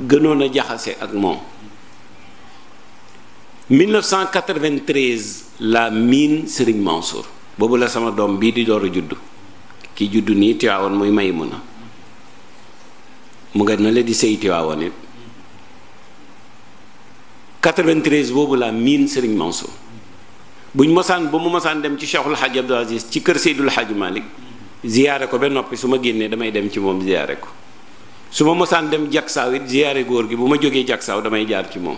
gënoon a jaxase ak moom 1993 la miin Serigne Mansour boobu la sama doom bii di door a juddu ki juddu nii Tiwaawoon muy Maymuna mu nga na la di sëy Tiwaawoon it boobu la miin sëriñ Mansour buñ mosaan ba mu mosaan dem ci Cheikhul xaj Abdou Aziz ci kër Seydul Hadj Malick ziyaare ko ba noppi su ma génnee damay dem ci moom ziyaare ko. su ma mosaan dem jagsaaw it ziyaare góor gi bu ma jógee jagsaaw damay jaar ci moom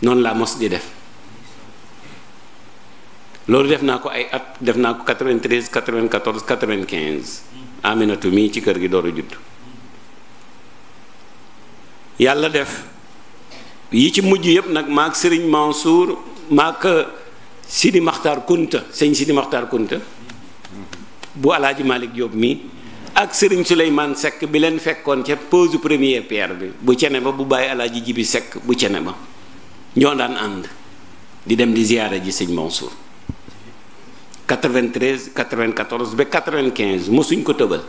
noonu laa mos di def loolu def naa ko ay at def naa ko 93 94 95 Aminatu mii ci kër gi dooru judd yàlla def yi ci mujj yëpp nag maak sëriñ Mansour maak euh, Sidi Maxtaar Kunta sëñ Sidi Maxtaar Kunta bu Alaaji Malik Jóob mii ak sëriñ Souleymane sekk bi leen fekkoon ca pose première pierre bi bu cene ba bu bàyyi alaaji Jibi sekk bu cene ba ñoo daan ànd di dem di ziyaara ji sëñ Mansour 93 94 ba 95 mosuñ ko tëbal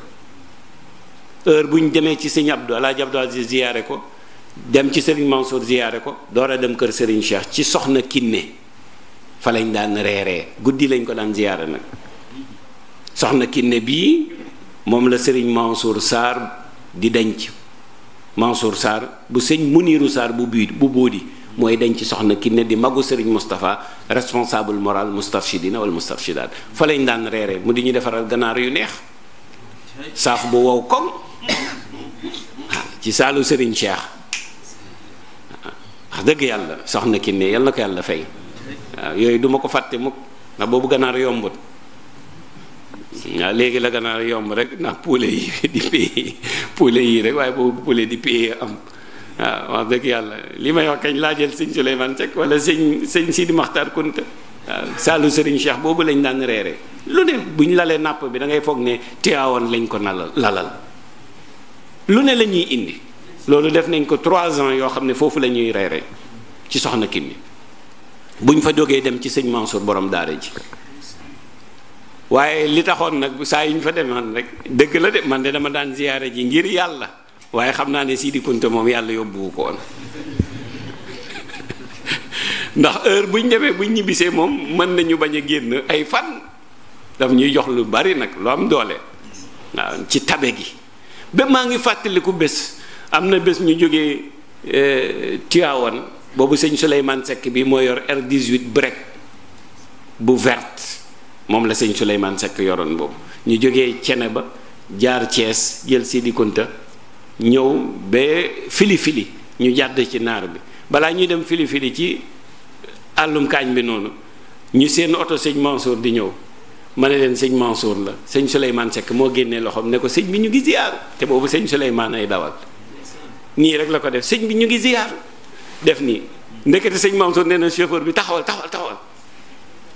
heure buñ demee ci sëñ Abdou alaaji Abdou Aziz ziyaare ko dem ci sëriñ Mansour ziyaare ko door a dem kër sëriñ Cheikh ci soxna Kiné fa lañ daan reeree guddi lañ ko daan ziyaara nag soxna Kiné bii moom la sëriñ Mansour Sarr di denc Mansour Sarr bu sëñ Muniru Sarr bu bii bu boodi mooy denc soxna ki ne di magu sëriñ Moustapha responsable moral Moustafchidina wala Moustafchidaat fa lañ daan reere mu di ñu defaral ganaar yu neex saaf bu wow koŋ ci saalu sëriñ Cheikh wax dëgg yàlla soxna ki ne na ko yàlla fay waaw yooyu duma ko fàtte mukk ndax boobu ganaar yombut waaw léegi la ganaar yomb rek ndax poulet yi di paye poulet yi rek waaye boobu poulet di paye am waaw wax dëgg yàlla li may wax kañ laa jël sëñ Souleymane Seck wala sëñ sëñ Sidi Makhtar Kounta waaw saalu sëriñ Cheikh boobu lañ daan reere lu ne bu ñu lalee napp bi dangay foog ne Tiwaawan lañ ko nalal lalal lu ne la ñuy indi loolu def nañ ko trois ans yoo xam ne foofu la ñuy reere ci soxna Kimi buñ fa jógee dem ci sëñ Mansour borom daara ji waaye li taxoon nag saa yi ñu fa demoon rek dëgg la de man de dama daan ziyaare ji ngir yàlla waaye xam naa ne sii di Kunta moom yàlla yóbbuwu ko ndax heure buñ demee buñ ñibbisee moom mën nañu bañ a génn ay fan daf ñuy jox lu bari nag lu am doole ci tabe gi ba maa ngi fàttaliku bés am na bés ñu jógee eh, Tivaouane boobu sëñ Souleymane sekk bi moo yor R18 break bu vert moom la sëñ Souleymane Seck yoroon boobu ñu jógee cene ba jaar cees jël Sidi Kunta ñëw ba fili fili ñu jàdd ci naar bi balaa ñuy dem fili fili ci àllum kaañ bi noonu ñu seen oto sëñ Mansour di ñëw ma ne leen sëñ Mansour la sëñ Souleymane sekk moo génnee loxoom ne ko sëñ bi ñu ngi ziyaaru te boobu sëñ Souleymane ay dawal nii rek la ko def sëñ bi ñu ngi ziyaaru def nii ndekete sëñ Mansour nee na bi taxawal taxawal taxawal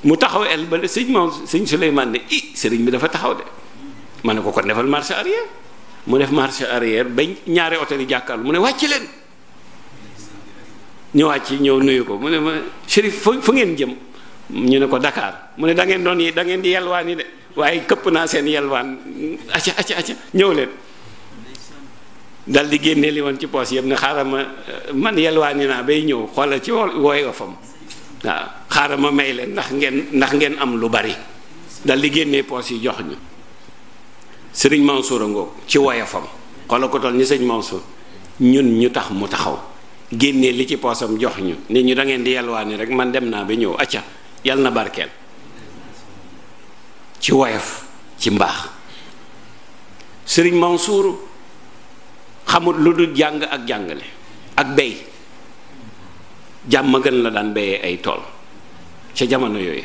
mu taxaw el ba sëñ moom sëñ Souleymane ne i sëriñ bi dafa taxaw de ma ne ko kon defal marche arrière mu def marche arrière ba ñaari oto yi jàkkaarlu mu ne wàcc leen ñu wàcc ñëw nuyu ko mu ne ma Chérif fu fu ngeen jëm ñu ne ko Dakar mu ne da ngeen doon yi da ngeen di yelwaan yi de waaye këpp naa seen yelwaan acca acca acca ñëw leen dal di génne li woon ci poos yëpp ne xaaral ma man yelwaani naa bay ñëw xoolal ci wooy ofam waaw xaaral ma may leen ndax ngeen ndax ngeen am lu bari dal di génnee poos yi jox ñu sëriñ Mansour a ngoog ci woyafam xoola ko toll ni sëñ Mansour ñun ñu tax mu taxaw génnee li ci poosam jox ñu nit ñu dangeen di di yalwaani rek man dem naa ba ñëw acca yal na barkeel ci woyaf ci mbaax sëriñ Mansour xamut lu dul jàng ak jàngale ak bey jàmm gën la daan béyee ay tool ca jamono yooyu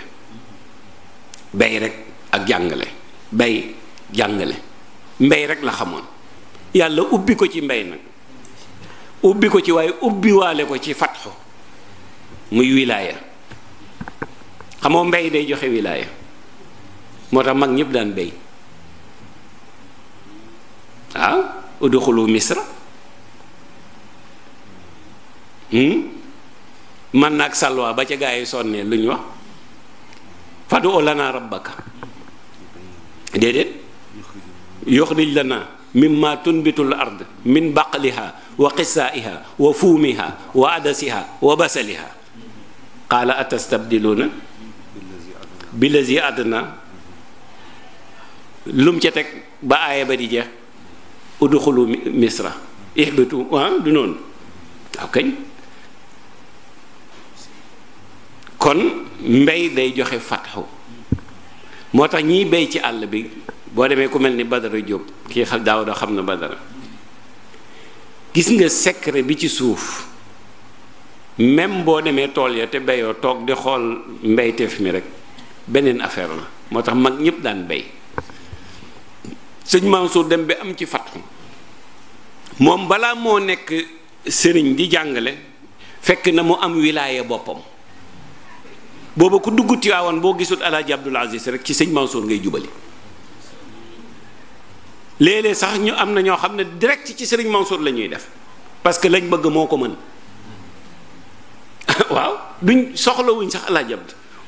béy rekk ak jàngale béy jàngale mbéy rek la xamoon yàlla ubbi ko ci mbéy nag ubbi ko ci waaye ubbiwaale ko ci fatxu muy wilaaya xamoo mbéy day joxe wilaaya moo tax mag ñëpp daan béy waaw ah, uduxulu misra hmm? man naag salwa ba ca gaa yi sonnee lu ñu wax fadu o lana rabbaka déedéet yuxrij lana mimma tunbitul ard min baqliha wa qissaiha wa fuumiha wa adasiha wa basaliha qaala atastabdiluuna billazi adna lum ca teg ba aaya ba di jeex udxulu misra ihbitu ah du noonu waaw kañ kon mbéy day joxe fatxu moo tax ñiy béy ci àll bi boo demee ku mel ni Badara Diop kii xam Daawda xam na Badara gis nga secret bi ci suuf même boo demee tool ya te béyoo toog di xool mbéyteef mi rek beneen affaire la moo tax mag ñëpp daan béy sëñ Mansour dem bi am ci fatxu moom balaa moo nekk sëriñ di jàngale fekk na mu am wilaaya boppam booba ku dugg Tiwaawan boo gisul alaaji Abdul Aziz rek ci sëñ Mansour ngay jubali léeg-léeg sax ñu am na ñoo xam ne direct ci sëriñ Mansour la ñuy def parce que lañ bëgg moo ko mën waaw duñ soxlawuñ sax alaaji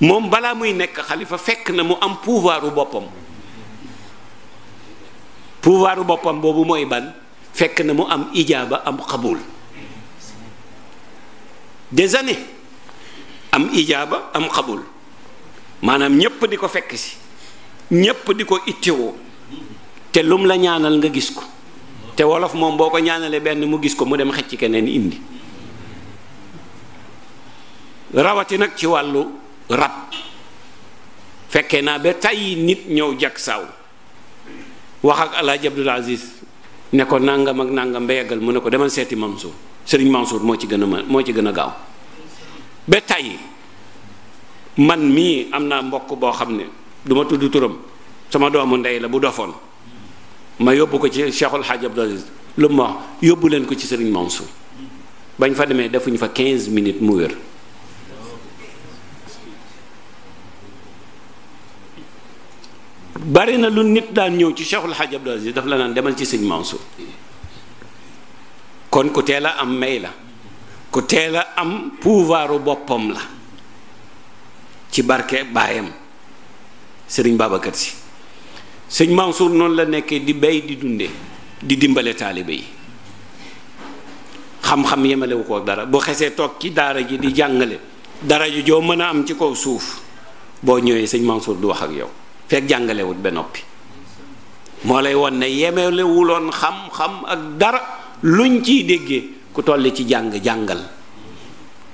moom balaa muy nekk xalifa fekk na mu am pouvoiru boppam pouvoiru boppam boobu mooy ban fekk na mu am ijaaba am xabul des années am ijaaba am xabul maanaam ñépp di ko fekk si ñépp di ko ittewoo te lum la ñaanal nga gis ko te wolof moom boo ko ñaanalee benn mu gis ko mu dem xëcc keneen indi rawati nag ci wàllu rab fekkee naa ba tey nit ñëw jag saaw wax ak alaaji abdul aziz ne ko nàngam ak nàngam ba yeggal mu ne ko demal seeti Mansour Serigne Mansour moo ci gën a ma moo ci gën a gaaw ba tey man mii am naa mbokk boo xam ne duma tudd turam sama doomu ndey la bu dofoon ma yóbbu ko ci Cheikhul Hadj Abdou lu ma yóbbu leen ko ci Serigne Mansour bañ fa demee defuñ fa 15 minutes mu wér bari na lu nit daan ñëw ci Cheikhul Hadj daf la naan demal ci Serigne Mansour kon ku teel a am may la. ku teel a am pouvoiru boppam la ci barke baayam sëriñ Babacar Si sëñ Mansour noonu la nekkee di bay di dunde di dimbale taalibe yi xam-xam yemalewu ko dara bu xesee toog ci daara ji di jàngale dara ji joo mën a am ci kaw suuf boo ñëwee sëñ Mansour du wax ak yow fekk jàngalewut ba noppi moo lay won ne yemelewuloon xam-xam ak dara luñ ciy déggee ku toll ci jàng jàngal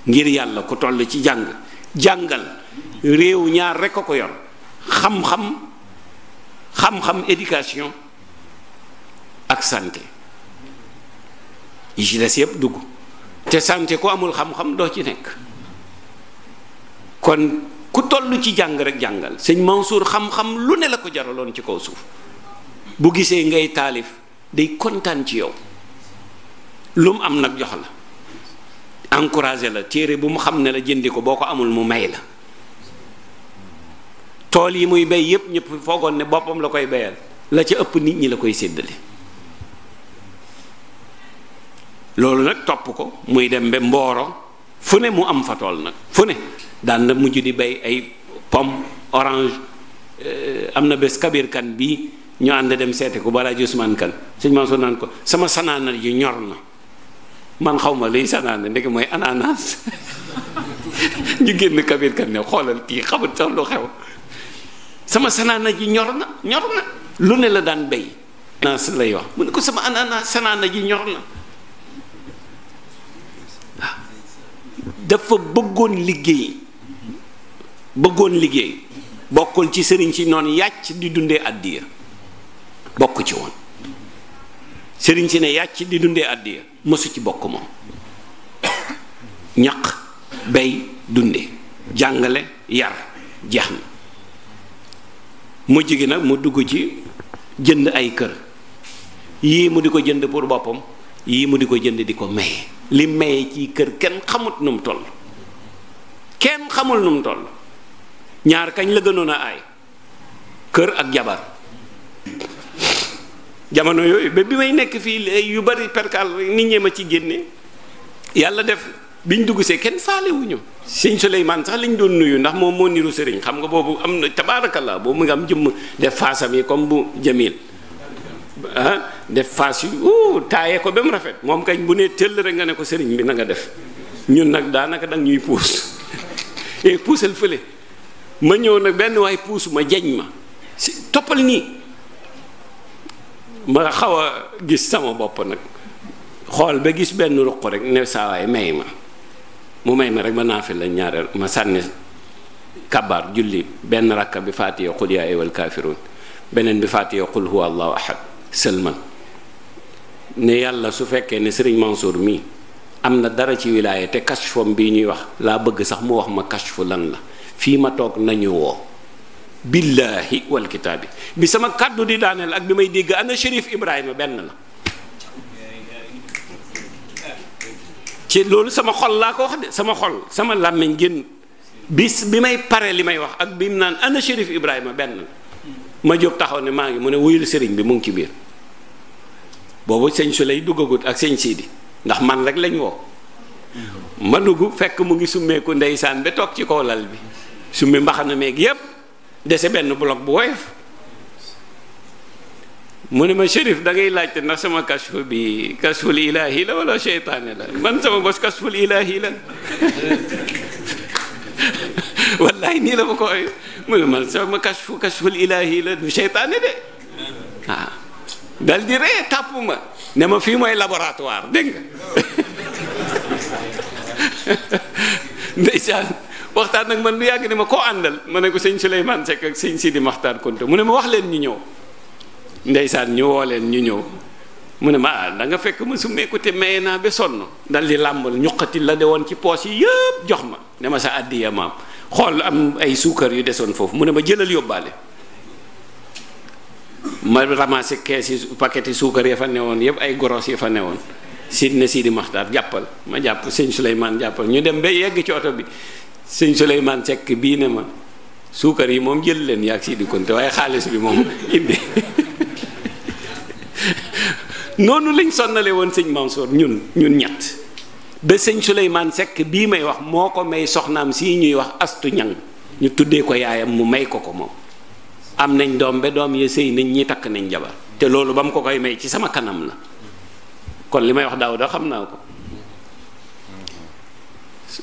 ngir yàlla ku toll ci jàng jàngal réew ñaar rekk a ko yor xam-xam xam-xam éducation ak santé yi ci des yépp dugg te santé ku amul xam-xam doo ci nekk kon ku toll ci jàng rek jàngal sëñ Mansour xam-xam lu ne la ko jaraloon ci kaw suuf bu gisee ngay taalif day kontaan ci yow lu mu am nag jox la encouragé la téere bu mu xam ne la jëndi ko boo ko amul mu may la tool yi muy bay yépp ñëpp foogoon ne boppam la koy bayal la ca ëpp nit ñi la koy séddale loolu nag topp ko muy dem ba mbooro fu ne mu am fa tool nag fu ne daan na mujj di bay ay pomme orange euh, am na bés kabir kan bii ñu ànd dem seete ko balaa ji Usmaan kan sëñ Mansour naan ko sama sanaana ji ñor na man xaw ma luy sanaana ndeke mooy ananas ñu génn kabir kan ne xoolal kii xamul sax lu xew sama sanaana ji ñor na ñor na lu ne la daan béy ananas lay wax mu ne ko sama ananas sanaana ji ñor na dafa bëggoon liggéey bëggoon liggéey bokkoon ci sëriñ si noonu yàcc di dundee àddiya bokk ci woon sëriñ si ne yàcc di dundee àddiya mësu ci bokk moom ñaq bay dunde jàngale yar jeex na mu gi nag mu dugg ci jënd ay kër yii mu di ko jënd pour boppam yii mu di ko jënd di ko maye li maye ci kër kenn xamut nu mu kenn xamul nu mu ñaar kañ la gënoon a aay kër ak jabar jamono yooyu ba bi may nekk fii yu bari perkal nit ñee ma ci génne yàlla def biñ dugg see kenn faalewuñu sëñ Souleymane sax lañ doon nuyu ndax moom moo niru sëriñ xam nga boobu am na tabaarakallaa boobu mu ngi am jëm def faasam yi comme bu jamil ah def faas yu o taaye ko ba mu rafet moom kañ bu ne tëll rek nga ne ko sëriñ bi nanga def ñun nag daanaka dang ñuy puus eh, puusal fële ma ñëw nag benn waay puus ma jañ ma si toppal nii ma xaw a gis sama bopp nag xool ba gis benn ruq rek ne saa may ma mu may ma rek ma naa fi la ñaareel ma sànni kabar julli benn rakka bi faatiya xul yaa ayyuhal kaafiruun beneen bi faatiya xul huwa allahu ahad sëlman ne yàlla su fekkee ne sëriñ Mansour mii am na dara ci wilaaya te kashfam bii ñuy wax laa bëgg sax mu wax ma kashfu lan la fii ma toog nañu woo billaahi wal kitaabi bi sama kàddu di daaneel ak bi may dégg ana Chérif Ibrahima benn la ci loolu sama xol laa ko wax de sama xol sama làmmiñ génn bis bi may pare li may wax ak bi mu naan ana Chérif Ibrahima benn la ma jóg taxaw ne maa ngi mu ne wuyul sëriñ bi mu ngi ci biir boobu sëñ su lay duggagut ak sëñ Sidi ndax man rek lañ woo ma dugg fekk mu ngi summeeku ndeysaan ba toog ci kaw lal bi summi mbaxana meeg yépp dese benn bloc bu woyof mu ne ma shérif da ngay laajte ndax sama kasfu bi kasful ilaahi la wala seytaane la man sama bos kasful ilaahi la wallaay nii la ma mu ne man sama kasfu kasful ilaahi la du seytaane de waaw ah. dal di ree tàpp ma ne ma fii mooy laboratoire dégg waxtaan nag man lu yàgg ne ma koo àndal ma ne ko sëñ Souleymane Seck ak sëñ Sidi Maxtaar Konte mu ne ma wax leen ñu ñëw ndeysaan ñu woo leen ñu ñëw mu ne ma ah fekk ma su meeku te maye naa ba sonn dal di làmbal ñuqati la de woon ci poos yi yëpp jox ma ne sa àddiya maam xool am ay suukar yu desoon foofu mu ne ma jëlal yóbbaale ma ramassé kees yi paquet yi suukar ya fa newoon yëpp ay goros ya fa newoon Sidna Sidi Maxtaar jàppal ma jàpp sëñ Souleymane jàppal ñu dem ba yegg ci oto bi sëñ Souleymane sekk bii ne ma suukar yi moom jël leen yaag si di konte waaye xaalis bi moom indi noonu lañ sonnale woon sëñ Mansour ñun ñun ñett ba sëñ Souleymane sekk bii may wax moo ko may soxnaam si ñuy wax astu ñang ñu tuddee ko yaayam mu may ko ko moom am nañ doom ba doom ya sëy nañ ñi takk nañ jabar te loolu ba mu ko koy may ci sama kanam la kon li may wax daaw da xam naa ko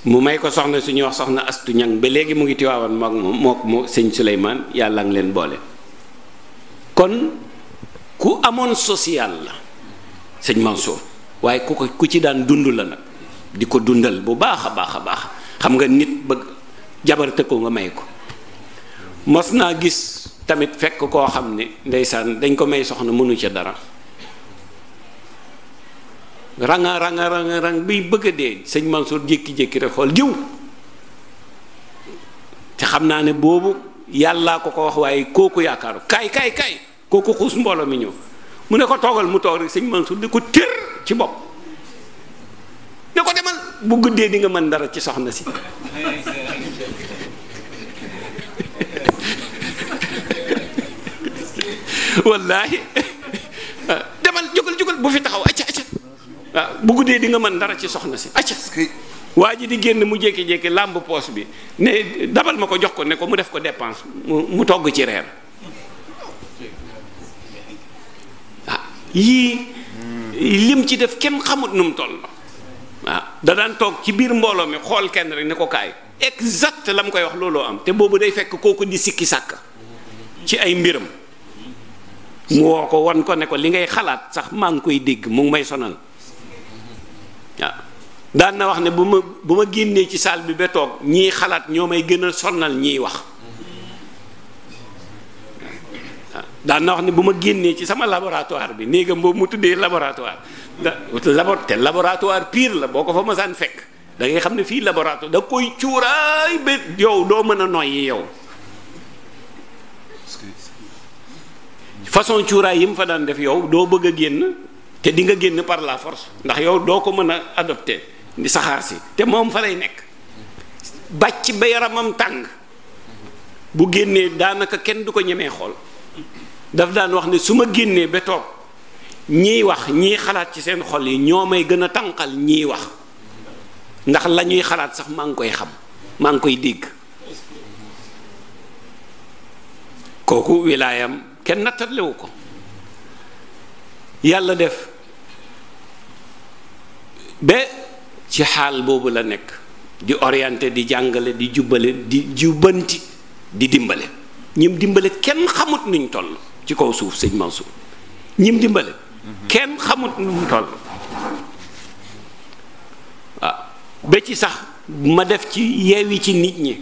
mu may ko soxna su suñuy wax soxna astu ñang ba léegi mu ngi tiwaawan mook moom mook moo sëñ Suleymaan yàlla ngi leen boole kon ku amoon social la sëñ Mansour waaye ku ko ku ci daan dund la nag di ko dundal bu baax a baax a baax xam nga nit bëgg jabar tëkku nga may ko mos naa gis tamit fekk koo xam ne ndeysaan dañ ko may soxna mënu ca dara ranga ranga ranga rang biy bëgg dee sëñ Mansour jékki-jékki rek xool jiw te xam naa ne boobu yàllaa ko ko wax waaye kooku yaakaaru kaay kaay kaay kooku xuus mbooloo mi ñëw mu ne ko toogal mu toog rek sëñ Mansour di ko tër ci bopp ne ko demal bu guddee di nga mën dara ci soxna si wallaahi demal jógal jógal bu fi taxaw waaw ah, bu guddee di nga mën dara ci soxna si acca waa ji di génn mu jékki-jékki làmb poos bi ne dabal ma ko jox ko ne ko mu def ko dépense mu mu togg ci reer ah yii lim ci def kenn xamut nu mu toll waaw ah, da daan toog ci biir mbooloo mi xool kenn rek ne ko kaay exact la mu koy wax looloo am te boobu day fekk kooku di sikki sàkk ci ay mbiram mu woo ko won ko ne ko li ngay xalaat sax maa ngi koy dégg mu ngi may sonal daan na wax ne bu ma bu ma génnee ci saal bi ba toog ñii xalaat ñoo may gën a sonnal ñiy wax daan na wax ne bu ma génnee ci sama laboratoire bi néegam boobu mu tuddee laboratoire da labo te laboratoire pire la boo ko fa masaan fekk dangay xam ne fii laboratoire da koy cuuraay ba yow doo mën a noyyi yow façon cuuraay yi mu fa daan def yow doo bëgg a génn te di nga génn par la force ndax yow doo ko mën a adopté di saxaar si te moom fa lay nekk bàcc ba yaramam tàng bu génnee daanaka kenn du ko ñemee xool daf daan wax ne su ma génnee ba toog ñiy wax ñiy xalaat ci seen xol yi ñoo may gën a tànkal ñiy wax ndax la ñuy xalaat sax maa ngi koy xam maa ngi koy dégg kooku wilaayam kenn nattalewu ko yàlla def ba ci xaal boobu la nekk di orienté di jàngale di jubbale di jubbanti di dimbale ñim dimbale kenn xamut nuñ toll ci kaw suuf sëñ Mansour ñim dimbale kenn xamut nuñ toll waaw sax ma def ci yeewi ci nit ñi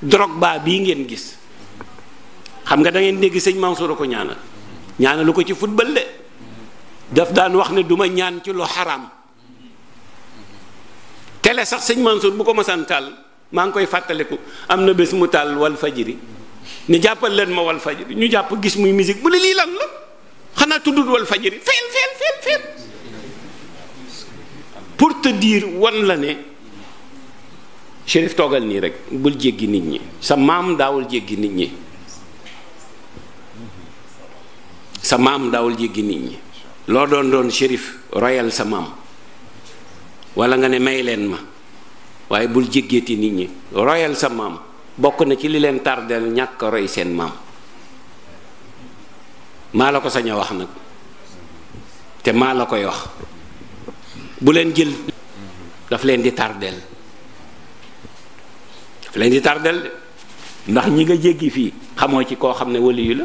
Drogba bii ngeen gis xam nga dangeen ngeen dégg sëñ Mansour a ko ñaanal ñaanalu ko ci football de daf daan wax ne duma ñaan ci lu xaraam télé sax sëñ Mansour bu ko mosaan taal maa ngi koy fàttaliku am na bés mu taal wal fajiri ni jàppal leen ma wal fajiri ñu jàpp gis muy musique bu ne lii lan la xanaa tuddut wal fajiri fenn fenn fenn pour te dire wan la ne Chérif toogal nii rek bul jéggi nit ñi sa maam daawul jéggi nit ñi sa maam daawul jéggi loo doon doon Chérif royal sa maam wala nga ne may leen ma waaye bul jéggeeti nit ñi royal sa maam bokk na ci li leen tardeel ñàkk roy seen maam maa la ko sañ wax nag te maa la koy wax bu leen jël daf leen di tardeel daf leen di tardeel ndax ñi nga jéggi fii xamoo ci koo xam ne waliyu la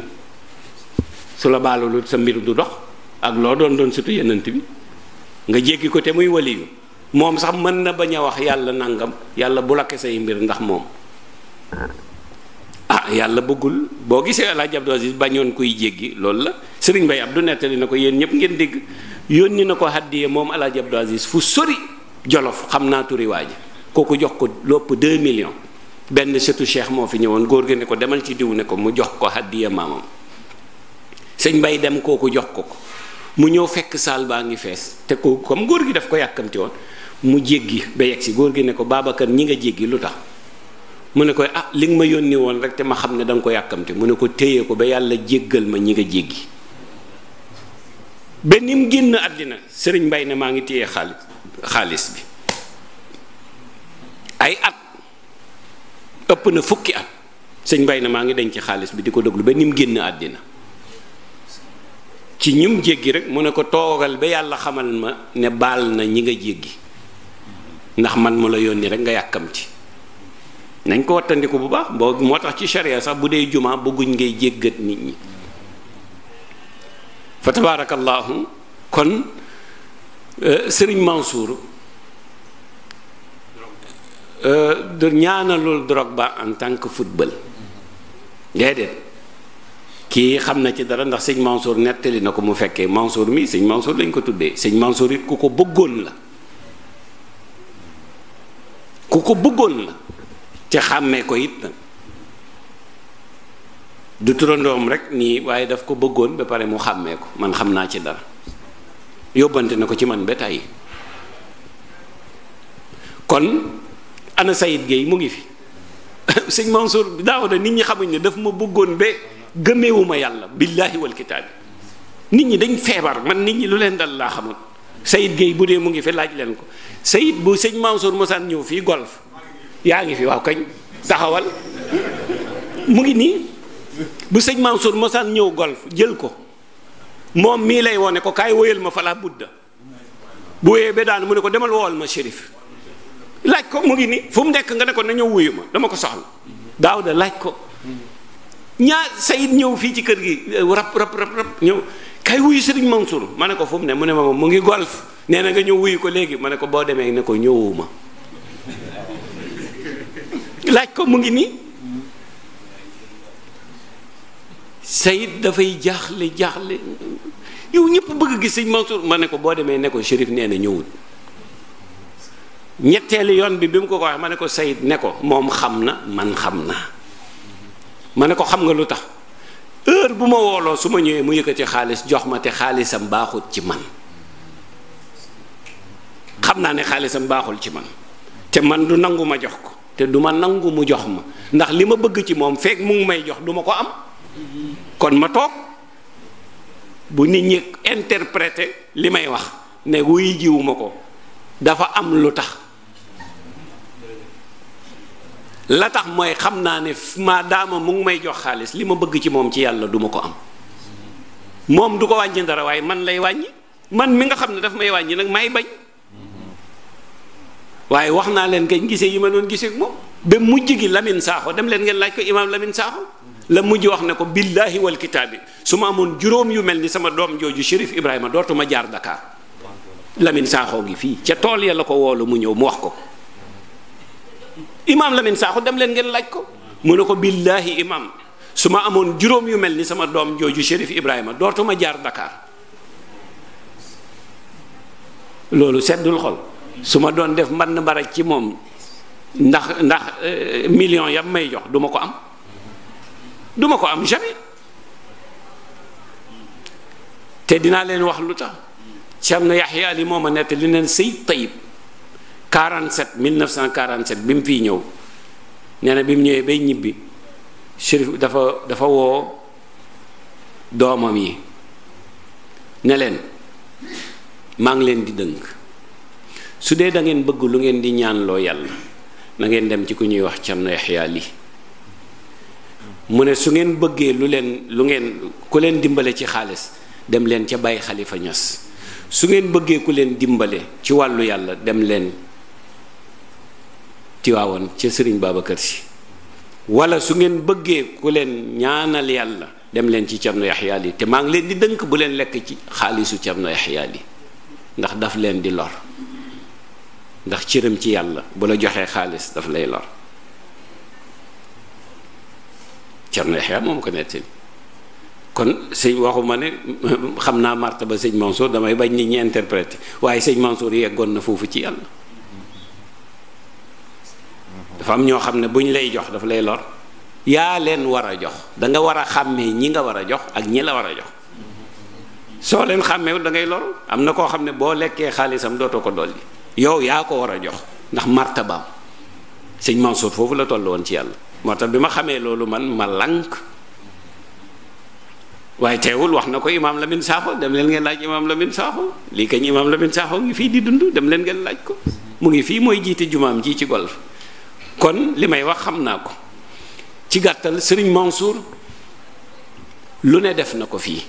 su la baalulut sa mbir du dox ak loo doon doon sutu yenant bi nga jéggi ko te muy waliyu moom sax mën na bañ a wax yàlla nangam yàlla bu la kese mbir ndax moom ah yàlla bëggul boo gisee Alaaji Abdou Aziz bañoon koy jéggi loolu la Serigne Mbaye Abdou nettali na ko yéen ñëpp ngeen dégg yónni na ko hàddiyee moom Alaaji Abdou Aziz fu sori jolof xam naa turi waa ji kooku jox ko lopp 2 million benn setu cheikh moo fi ñëwoon góor gi ne ko demal ci diw ne ko mu jox ko hàddiyee maamam sëñ Mbaye dem kooku jox ko ko mu ñëw fekk saal baa ngi fees te ko comme góor gi daf ko yàkkamti woon mu jéggi ba yegg si góor gi ne ko Babacar ñi nga jéggi lu tax mu ne koy ah li nga ma yónni woon rek te ma xam ne da ko yàkkamte mu ne ko téye ko ba yàlla jéggal ma ñi nga jéggi ba ni mu génn àddina sëriñ mbay ne maa ngi téye xaalis xaalis bi ay at ëpp na fukki at sëñ mbay ne maa ngi denc xaalis bi di ko déglu ba ni mu génn àddina ci ñum jéggi rek mu ne ko toogal ba yàlla xamal ma ne baal na ñi nga jéggi ndax man mu la yónni rek nga yàkkamti nañ ko wattandiku bu baax boo moo tax ci charia sax bu dee juma bëgguñ ngay jéggat nit ñi fa tabaarakallaahu kon euh, sëriñ Mansour euh, du ñaanalul Drogba en tant que football déedéet kii xam na ci dara ndax sëñ Mansour nettali na ko mu fekkee Mansour mi sëñ Mansour lañ ko tuddee sëñ Mansour it ku ko bëggoon la ku ko bëggoon la ci xàmmee ko it du turandoom rek nii waaye daf ko bëggoon ba pare mu xàmmee ko man xam naa ci dara yóbbante na ko ci man ba tey kon ana Sayid Géey mu ngi fi sëñ Mansour daaw da nit ñi xamuñ ne daf ma bëggoon ba gëmeewuma yàlla billaahi wal kitaabi nit ñi dañ feebar man nit ñi lu leen dal laa xamul Sayid Gueye bu dee mu ngi fi laaj leen ko Sayid bu sëñ Mansour Mosaan ñëw fii golf yaa ngi fi waaw kañ taxawal mu ngi nii bu sëñ Mansour Mosaan ñëw golf jël ko moom mii lay wone ko kaay woyal ma falaa budda bu woyee ba daan mu ne ko demal woowal ma shérif laaj ko mu ngi nii fu mu nekk nga ne ko na ñëw wuyu ma dama ko soxla daaw da laaj ko ñaa Sayid ñëw fii ci kër gi rab rab rab rab ñëw kay wuyu Serigne Mansour ma ne ko fu ne mu ne ma mu ngi golf nee na nga ñëw wuyu ko léegi ma ne ko boo demee ne ko ñëwuma laaj ko mu ngi nii Sayid dafay jaaxle jaaxle yow ñëpp bëgg gis Sëñ Mansour ma ne ko boo demee ne ko nee na ñëwul ñetteelu yoon bi bi mu ko ko wax ma ne ko Sayid ne ko moom xam na man xam na ma ne ko xam nga lu tax. heure bu ma wooloo su ma ñëwee mu yëkkatee xaalis jox ma te xaalisam baaxul ci man xam naa ne xaalisam baaxul ci man te man du nangu ma jox ko te du ma nangu mu jox ma ndax li ma bëgg ci moom feek mu ngi may jox duma ko am kon ma toog bu nit ñi interpréter li may wax ne wuy jiwuma ko dafa am lu tax la tax mooy xam naa ne maa daama mu ngi may jox xaalis li ma bëgg ci moom ci yàlla duma ko am moom du ko wàññi dara waaye man lay wàññi man mi nga xam ne daf may wàññi nag may bañ waaye wax naa leen kañ gisee yi ma doon gisee moom ba mujj gi Lamine Sakho dem leen ngeen laaj ko imaam Lamine Sakho la mujj wax ne ko billaahi wal kitaabi su ma amoon juróom yu mel ni sama doom jooju Chérif Ibrahima dootuma jaar Dakar Lamine Sakho gi fii ca tool ya la ko woolu mu ñëw mu wax ko. imaam Lamine Sakho dem leen ngeen laaj ko mu ne ko billaahi imaam su ma amoon juróom yu mel ni sama doom jooju Chérif Ibrahima dootuma jaar Dakar loolu seddul xol su ma doon def mbann baraj ci moom ndax ndax eh, million yam may jox duma ko am duma ko am jamais te dinaa leen wax lu tax Cerno Yaxya Ali moo ma nett li neen sëy Tayib 47 1947 bi mu fiy ñëw nee na bi mu ñëwee bay ñibbi Chérif dafa dafa woo doomam yi ne leen maa ngi leen di dënk su dee da ngeen bëgg lu ngeen di ñaanloo yàlla na ngeen dem ci ku ñuy wax Cerno Yaxya Li mu ne su ngeen bëggee lu leen lu ngeen ku leen dimbale ci xaalis dem leen ca Baay Xalifa Ñas su ngeen bëggee ku leen dimbale ci wàllu yàlla dem leen Tiwaawoon ca Serigne Babacar si wala su ngeen bëggee ku leen ñaanal yàlla dem leen ci Cerno Yaxya Li te maa ngi leen di dënk bu leen lekk ci xaalisu Cerno Yaxya Li ndax daf leen di lor ndax cëram ci yàlla bu la joxee xaalis daf lay lor Cerno Yaxya moom ko nettali kon sëñ waxuma ne xam naa ba sëñ Mansour damay bañ nit ñi interpréter waaye sëñ Mansour yeggoon na foofu ci yàlla dafa am ñoo xam ne bu ñu lay jox dafa lay lor yaa leen war a jox da nga war a xàmmee ñi nga war a jox ak ñi la war a jox soo leen xàmmeewul da ngay lor am na koo xam ne boo lekkee xaalisam dootoo ko dolli yow yaa ko war a jox ndax martabaam sëñ Mansour foofu la toll woon ci yàlla moo tax bi ma xamee loolu man ma lank waaye teewul wax na ko imaam Lamine Sakho dem leen ngeen laaj imaam Lamine Sakho lii kañ imaam Lamine Sakho ngi fii di dund dem leen ngeen laaj ko mu ngi mooy jiite jumaam ji ci kon li may wax xam naa ko ci gàttal sëriñ Mansour lu ne def na ko fii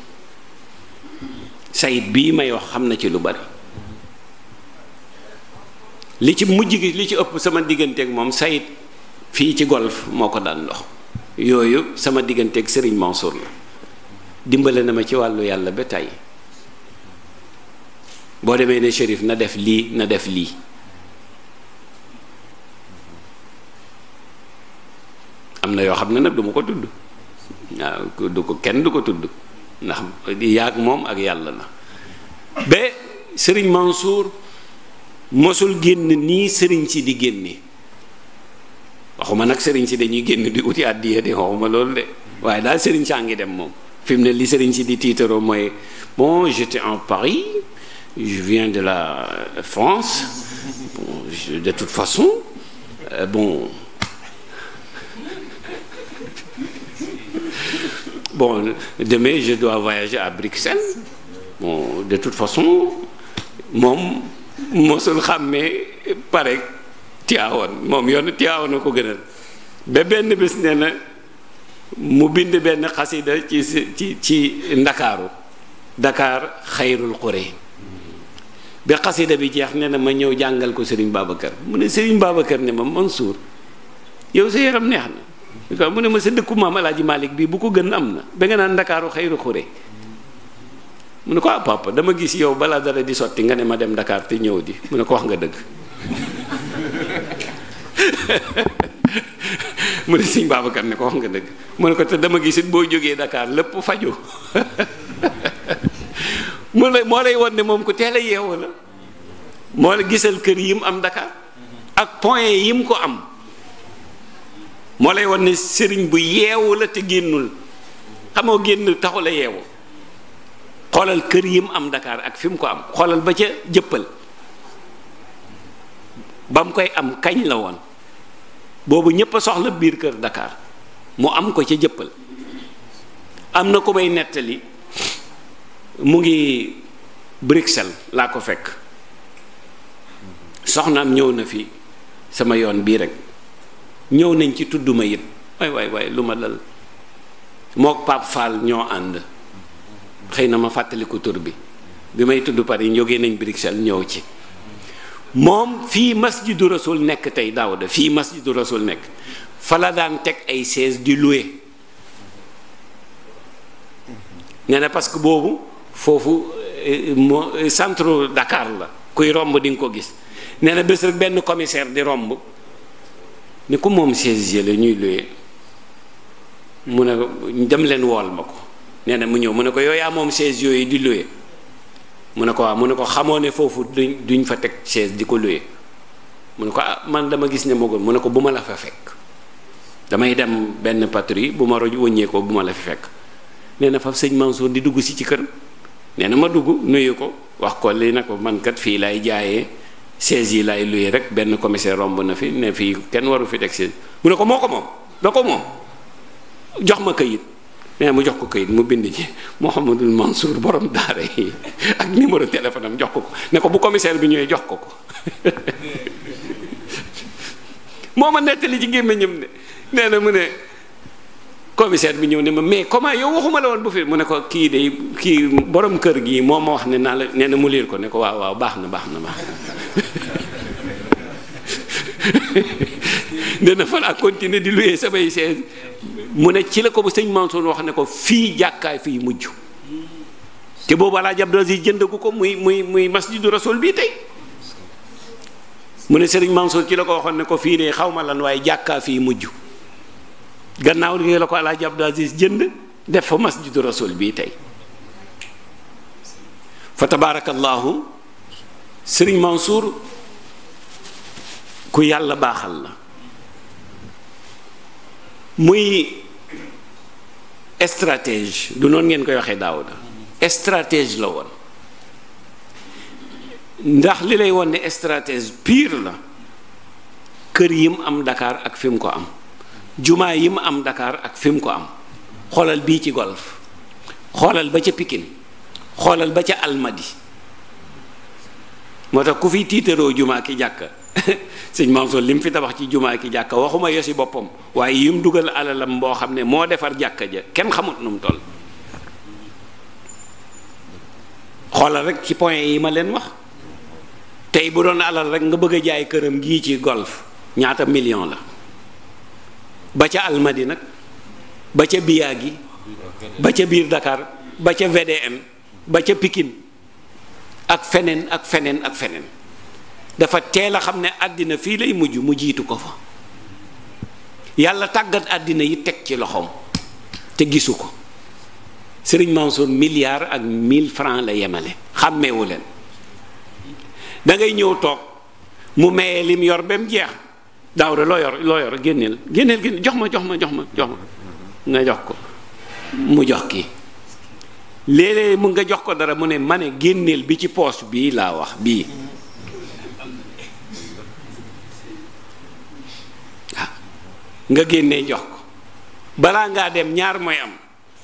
sayit bii may wax xam na ci lu bari li ci mujj gi li ci ëpp sama digganteeg moom sayit fii ci golf moo ko daan dox yooyu sama digganteeg sëriñ Mansour la dimbale na ma ci wàllu yàlla ba tey boo demee ne shérif na def lii na def lii am na yoo xam ne nag duma ko tudd du ko kenn du ko tudd ndax yaag moom ak yàlla la ba sëriñ Mansour mosul génn nii sëriñ si di génne waxuma nag sëriñ si dañuy génn di uti àddiya de waxuma loolu de waaye daal sëriñ saa ngi dem moom fi mu ne li sëriñ si di tiitaroo mooy bon j'étais en Paris je viens de la France bon, je, de toute façon euh, bon demain je dois voyager à Bruxelles bon de toute façon moom mosul xàmmee pare Tiwaawan moom yoonu Tiwaawan a ko gënal ba benn bés nee mu bind benn xasida ci ci ci ndakaaru ndakaar xayrul xure ba xasida bi jeex nee na ma ñëw jàngal ko Serigne Babacar mu ne Serigne Babacar ne ma Mansour yow sa yaram neex na waaw mu ne ma sa dëkku maam alaaji Malick bii bu ko gën am na da nga naan ndakaaru xayru xure mu ne ko ah papa dama gis yow balaa dara di sotti nga ne ma dem ndakaar te ñëw di mu ne ko wax nga dëgg mu ne sëñ Babacar ne ko wax nga dëgg mu ne te dama gis boo jógee Dakar lépp faju mu ne moo lay won ne moom ku teel a yeewu la moo la gisal kër yi mu am Dakar ak point yi mu ko am moo lay wan ne sëriñ bu yeewu la te génnul xamoo génn taxu la yeewu xoolal kër yi mu am Dakar ak fi mu ko am xoolal ba ca jëppal ba mu koy am kañ la woon boobu ñépp a soxla biir kër Dakar mu am ko ca jëppal am na ku may nettali mu ngi Bruxelles laa ko fekk soxnaam ñëw na fi sama yoon bii rek ñëw nañ ci tudd it waay waay waay lu ma dal mook Pape Fall ñoo ànd xëy na ma fàttaliku tur bi bi may tudd Paris jógee nañ Bruxelles ñëw ci moom fii masjidu rasul nekk tey Daouda fii masjidu rasul nekk fa la daan teg ay chaise di louer nee na parce que boobu foofu eh, mo eh, centre dakaar la kuy romb di nga ko gis nee na benn commissaire di romb ni ku moom siège yële ñuy luye mu ne dem leen wool ma ko nee na mu ñëw mu ne ko yow yaa moom siège yi di luye mu ne ko waaw mu ne ko xamoo ne foofu duñ duñ fa teg chaise di ko luye mu ne ko ah man dama gis ne moo gën mu ne ko bu ma la fa fekk damay dem benn patrouille bu ma roj wëññeekoo bu ma la fi fekk nee na fa sëñ Mansour di dugg si ci kër nee na ma dugg nuyu ko wax ko li na ko man kat fii lay jaayee seize yi laay rek benn commissaire romb na fi ne fii kenn waru fi teg seize mu ne ko moo ko moom da ko moom jox ma kayit mais mu jox ko kayit mu bind ci Mouhamadul Mansour borom daara yi ak numéro téléphone am jox ko ko ne ko bu commissaire bi ñëwee jox ko ko moo ma nettali ci gémmiñam de nee na mu ne commissaire bi ñëw ne ma mais comment yow waxuma la woon bu fi mu ne ko kii de kii borom kër gi moom ma wax ne naa la nee na mu liir ko ne ko waaw waaw baax na baax na baax nee na fa laa continuer di louer samay chaise mu ne ci la ko bu sëñ Mansour wax ne ko fii jàkkaay fii mujj te boobu Alaaji Abdou Aziz jëndagu ko muy muy muy masjidu rasul bii tey mu ne sëriñ Mansour ci la ko waxoon ne ko fii de xaw ma lan waaye jàkkaa fii mujj gannaaw li la ko Alaaji Abdou jënd def fa masjidu rasul bii tey fa tabaarakallaahu sëriñ Mansour ku yàlla baaxal la muy stratege du noon ngeen koy waxee daaw da stratégie la woon ndax li lay won ne stratégie pire la kër yi mu am Dakar ak fi mu ko am jumaa yi mu am Dakar ak fi ko am xoolal bii ci golf xoolal ba ca Pikine xoolal ba ca Almadi moo tax ku fi tiitaroo jumaa ki jàkka sëñ Mansour li mu fi tabax ci jumaa ki jàkka waxuma yosi boppam waaye yi mu dugal alalam boo xam ne moo defar jàkka ja kenn xamut nu mu toll xoolal rek ci point yi ma leen wax tey bu doon alal rek nga bëgg a jaay këram gii ci golf ñaata million la ba ca almadi nag ba ca biyaa gi ba ca biir Dakar ba ca VDM ba ca pikin ak feneen ak feneen ak feneen dafa teel a xam ne àddina fii lay mujj mu jiitu ko fa yàlla tàggat àddina yi teg ci loxoom te gisu ko sëriñ Mansour milliard ak mille francs la yemale xàmmeewu leen dangay ngay ñëw toog mu maye lim yor ba mu jeex daawre loo yor loo yor génneel génneel génneel jox ma jox ma jox ma jox nga jox ko mu jox kii léeg mu nga jox ko dara mu ne ma ne génneel bi ci poos bii laa wax bii ah. nga génnee jox ko balaa ngaa dem ñaar mooy am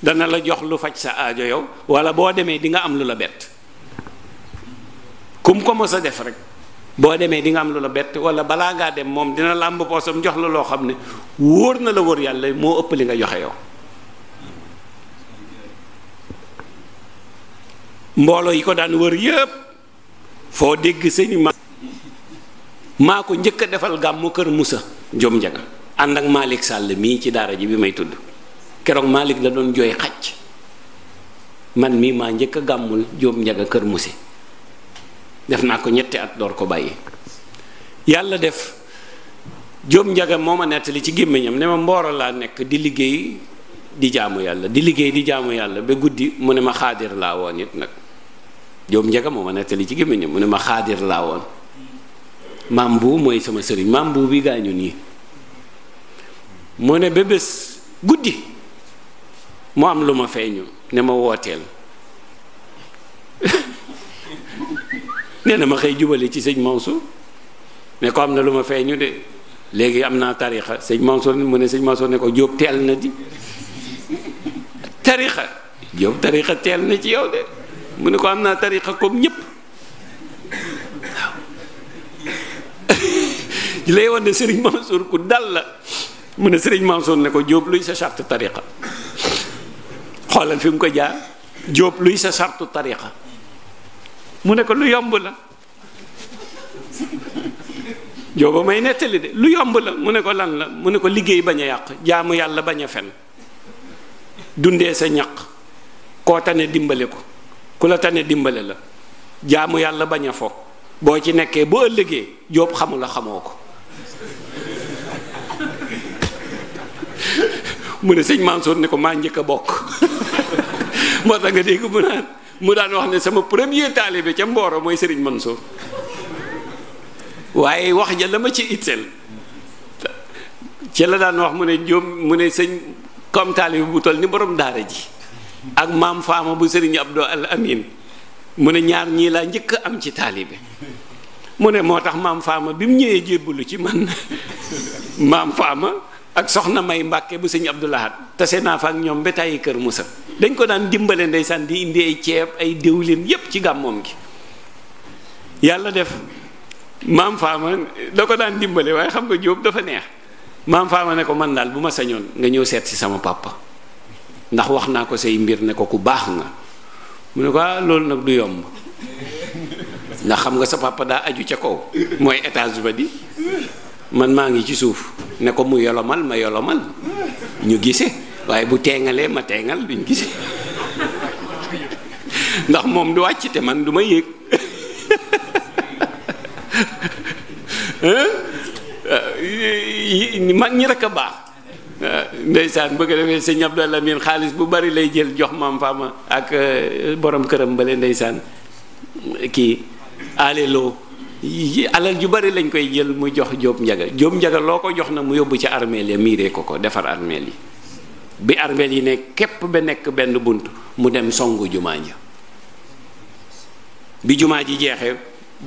dana la jox lu faj sa aajo yow wala boo demee di nga am lu la bett kum ko ma sa def rek boo demee di nga am lu la bett wala balaa ngaa dem moom dina làmb poosam jox la loo xam ne wóor na la wóor yàlla moo ëpp li nga joxe yow mbooloo yi ko daan wër yépp foo dégg sëñ ma maa ko njëkk a defal gàmmu kër Musa Jom Njaga ànd ak Malick sàll mii ci daara ji bi may tudd keroog Malick la doon jooy xaj man mii maa njëkk gàmmul Jom Njaga kër Musa def naa ko ñetti at door ko bàyyi yàlla def Jóob Njaga moo ma nettali ci gémmiñam ne ma mbooro laa nekk di liggéey di jaamu yàlla di liggéey di jaamu yàlla ba guddi mu ne ma xaadir laa woon it nag Jóob Njaga moo ma nettali ci gémmiñam mu ne ma xaadir laa woon maam bu mooy sama sëriñ maam bu bi gaañu nii mu ne ba bés guddi mu am lu ma feeñu ne ma wooteel nee na ma xëy jubali ci sëñ Mansour ne ko am na lu ma feeñu de léegi am naa tarixa sëñ Mansour mu ne sëñ Mansour ne ko jóob teel na di tarixa jóob tarixa teel na ci yow de mu ne ko am naa ñëpp waaw lay wan sëriñ Mansour ku dal la mu ne sëriñ Mansour ne jóob luy sa charte tarixa xoolal fi mu ko jaar jóob luy sa charte tarixa mu ne ko lu yomb la jooba may nettali de lu yomb la mu ne ko lan la mu ne ko liggéey bañ a yàq jaamu yàlla bañ a fen dundee sa ñaq koo tane dimbale ko ku la tane dimbale la jaamu yàlla bañ a fo boo ci nekkee boo ëllëgee jóob xamula xamoo ko mu ne sëñ Mansour ne ko maa njëkk a bokk moo tax nga dégg mu naan mu daan wax ne sama premier taalibe ca Mboro mooy Serigne Mansour waaye wax ja la ma ci itel ci la daan wax mu ne joom mu ne sëñ comme taalibe bu toll ni borom daara ji ak maam faama bu Serigne Abdou Al Amin mu ne ñaar ñii laa njëkk am ci taalibe mu ne moo tax maam faama bi mu ñëwee lu ci man maam faama ak soxna may Mbàkke bu sëñ Abdou Lahad tase naa fa ak ñoom ba tàyyi kër Musa dañ ko daan dimbale ndeysaan di indi ay ceeb ay déwlin yépp ci gàmmoom gi yàlla def maam faama da ko daan dimbale waaye xam nga jóob dafa neex maam faama ne ko man daal bu ma sañoon nga ñëw seet si sama papa ndax wax naa ko say mbir ne ko ku baax nga mu ne ko ah loolu nag du yomb ndax xam nga sa papa daa aju ca kow mooy étage ba di man maa ngi ci suuf ne ko mu yolomal ma yolomal ñu gise waaye bu teengalee ma teengal duñ gisee ndax moom du wàcc te man du ma yéeg mag ñi rekk a baax ndeysaan bëgg defee sëñ Abdou Lamine xaalis bu bari lay jël jox maam faama ak euh, borom këram bale ndeysaan kii aleloo alal ju bari lañ koy jël mu jox Jóob Njaga Jóob Njaga loo ko jox na mu yóbbu ci armeel ya miiree ko ko defar armeel yi bi armeel yi ne képp ba nekk benn bunt mu dem songu jumaa ja bi jumaa ji jeexee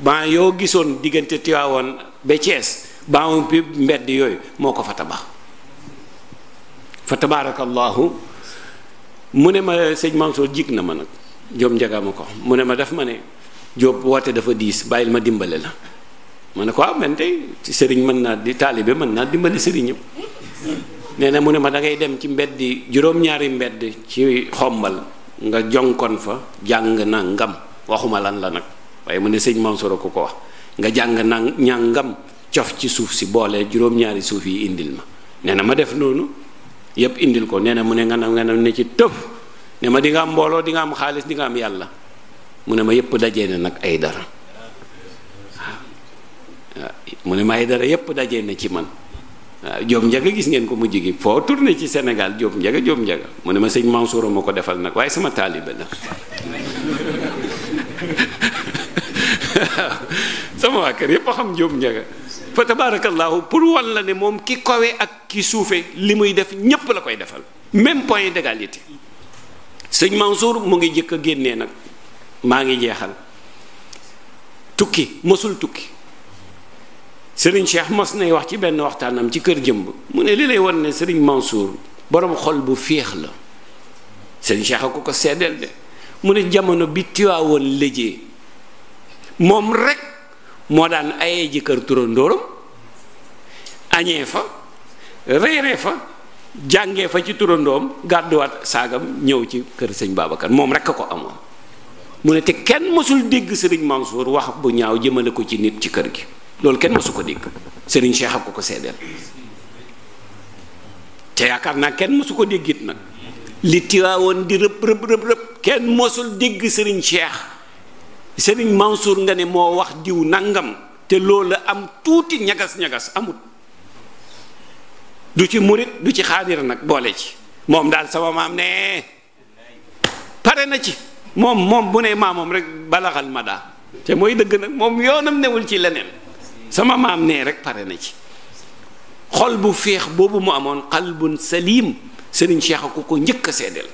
ban yoo gisoon diggante Tiwaawoon ba Cees ban bi mbedd yooyu moo ko fa tabax fa tabaarakallaahu mu ne ma sëñ Mansour jig na ma nag Jóob Njaga ko mu ne ma daf ma ne Jóob woote dafa diis bàyyil ma dimbale la ma ne ko ah tey sëriñ mën naa di taalibe mën naa dimbale sëriñam nee na mu ne ma da ngay dem ci mbeddi juróom-ñaari mbedd ci xombal nga jonkon fa jàng na ngam waxuma lan la nag waaye mu ne sëñ Mansour ko ko wax nga jàng na ñàngam cof ci suuf si boole juróom-ñaari suuf yi indil ma nee na ma def noonu yépp indil ko nee na mu ne nga nam nga ne ci tëf ne ma di nga am mbooloo di nga am xaalis di nga am yàlla mu ne ma yépp dajee na nag ay dara mu ne ma ay dara yépp daje na ci man waaw Diop Ndiaga gis ngeen ko mu gi foo tourné ci Sénégal Diop Ndiaga Diop Ndiaga mu ne ma sëñ Mansour ma ko defal nag waaye sama taalibe la sama waa kër yëpp xam Diop Ndiaga fa tabarakallahu pour wan la ne moom ki kawe ak ki suufe li muy def ñépp la koy defal même point d'égalité sëñ Mansour mu ngi jëkk a génnee nag maa ngi jeexal tukki mësul tukki sëriñ Cheikh mos nay wax ci benn waxtaanam ci kër jëmb mu ne li lay wan ne sëriñ Mansour borom xol bu féex la sëriñ Cheikh a ko ko seddeel de mu ne jamono bi tiwaawoon léjee moom rek moo daan ayee ji kër turandóoram fa reeree fa jàngee fa ci turandoom gàdduwaat saagam ñëw ci kër sëñ Babacar moom rek a ko amoon mu ne te kenn mësul dégg sëriñ Mansour wax bu ñaaw jëmale ko ci nit ci kër gi loolu kenn mësu ko dégg sëriñ Cheikh a ko ko seedeel te yaakaar naa kenn mësu ko déggit nag li tiwaawoon di rëb rëb rëb rëb kenn mësul dégg sëriñ Cheikh sëriñ Mansour nga ne moo wax diw nangam te loolu am tuuti ñagas-ñagas amut du ci murit du ci xaadir nag boole ci moom daal sama maam ne pare na ci moom moom bu ne maamoom rek balaxal madaa te mooy dëgg nag moom yoonam newul ci leneen sama maam nee rek pare na ci xol bu féex boobu mu amoon xalbu salim sëriñ Cheikh ku ko njëkk a seddeel